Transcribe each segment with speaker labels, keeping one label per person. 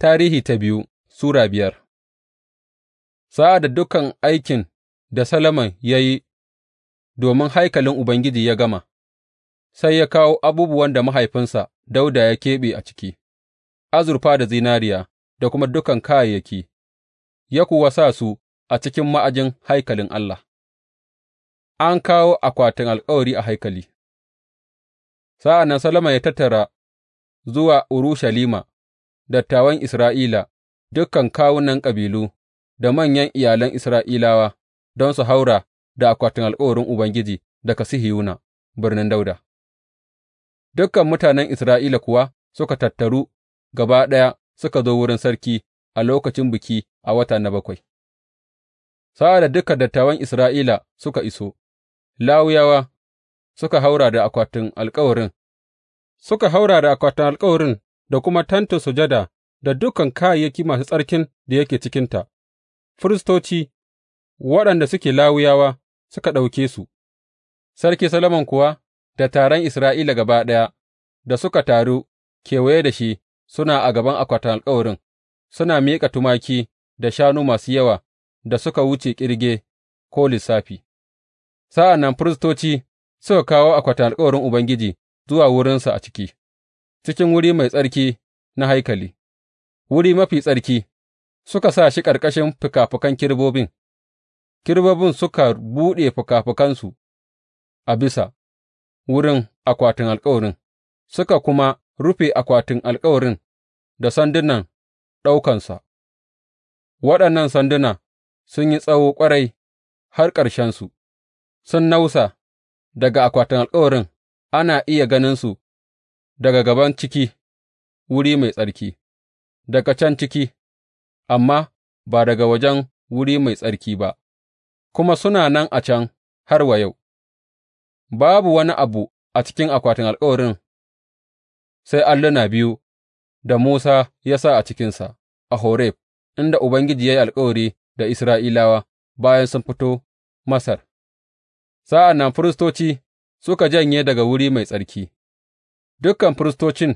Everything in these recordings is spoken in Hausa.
Speaker 1: Tarihi ta biyu Sura biyar Sa'ad da dukan aikin da Salama ya yi domin haikalin Ubangiji ya gama, sai ya kawo abubuwan da mahaifinsa Dauda ya keɓe a ciki, azurfa da zinariya da kuma dukan kayayyaki, ya kuwa sa su a cikin ma'ajin haikalin Allah. An kawo akwatin alkawari a haikali Sa'an nan Salama ya tattara zuwa Urushalima dattawan Isra'ila, dukan kawunan kabilu, da manyan iyalan Isra'ilawa, don su haura da akwatin alkawarin Ubangiji daga Sihiyuna, birnin Dauda. Dukan mutanen Isra'ila kuwa suka tattaru gaba ɗaya suka zo wurin sarki a lokacin biki a wata na bakwai. Sa'ad da dukan dattawan Isra'ila suka iso, lawuyawa suka haura da akwatin alkawarin, suka haura da akwatin alkawarin da kuma Tentin Sujada da dukan kayayyaki masu tsarkin da yake cikinta, firistoci waɗanda suke lawuyawa suka ɗauke su, Sarki Solomon kuwa da taron Isra'ila gaba ɗaya da suka taru kewaye da shi suna a gaban akwatin alkawarin, suna miƙa tumaki da shanu masu yawa da suka wuce ƙirge ko lissafi. Sa'an nan firistoci suka kawo akwatin alkawarin Ubangiji zuwa wurinsa a ciki. cikin wuri mai tsarki na haikali, wuri mafi tsarki, suka sa shi ƙarƙashin fikafikan kerubobin, kerubobin suka buɗe fikafikansu a bisa wurin akwatin alkawarin, suka kuma rufe akwatin alkawarin da sandunan ɗaukansa, waɗannan sanduna sun yi tsawo ƙwarai har ƙarshensu, sun nausa daga akwatin alkawarin ana iya ganinsu daga gaban ciki wuri mai tsarki, daga can ciki, amma ba daga wajen wuri mai tsarki ba, kuma suna nan a can har wa yau, babu wani abu a cikin akwatin alkawarin sai alluna biyu da Musa ya sa a cikinsa a Horeb, inda Ubangiji ya yi alkawari da Isra'ilawa bayan sun fito Masar. Sa'an nan firistoci suka janye daga wuri mai tsarki. dukan firistocin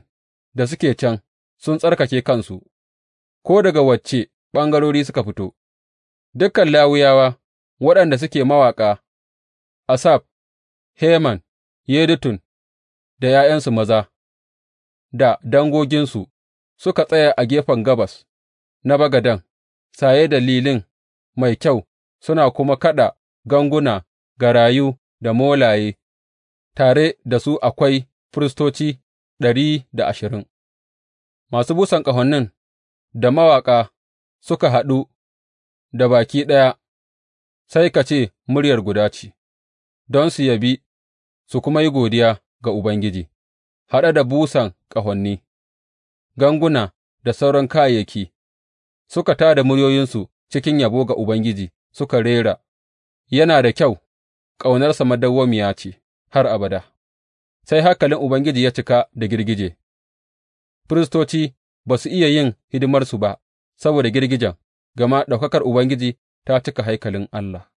Speaker 1: da suke can sun tsarkake kansu, ko daga wacce ɓangarori suka fito, dukan Lawiyawa waɗanda suke mawaƙa, Asaf, Heman, Yedutun da ’ya'yansu maza da dangoginsu suka tsaya a gefen gabas na Bagadan, saye da lilin mai kyau, suna kuma kaɗa ganguna, ga rayu da molaye, tare da su akwai firistoci ɗari da ashirin, masu busan ƙahonin da mawaƙa suka haɗu da baki ɗaya, sai ka ce muryar guda ce, don su yabi su kuma yi godiya ga Ubangiji, haɗe da busan ƙahoni, ganguna da sauran kayayyaki, suka tā da muryoyinsu cikin yabo ga Ubangiji suka rera, Yana da kyau, ƙaunarsa madawwamiya ce har abada. sai haikalin Ubangiji ya cika da girgije, firistoci ba su iya yin hidimarsu ba saboda girgijen, gama ɗaukakar Ubangiji ta cika haikalin Allah.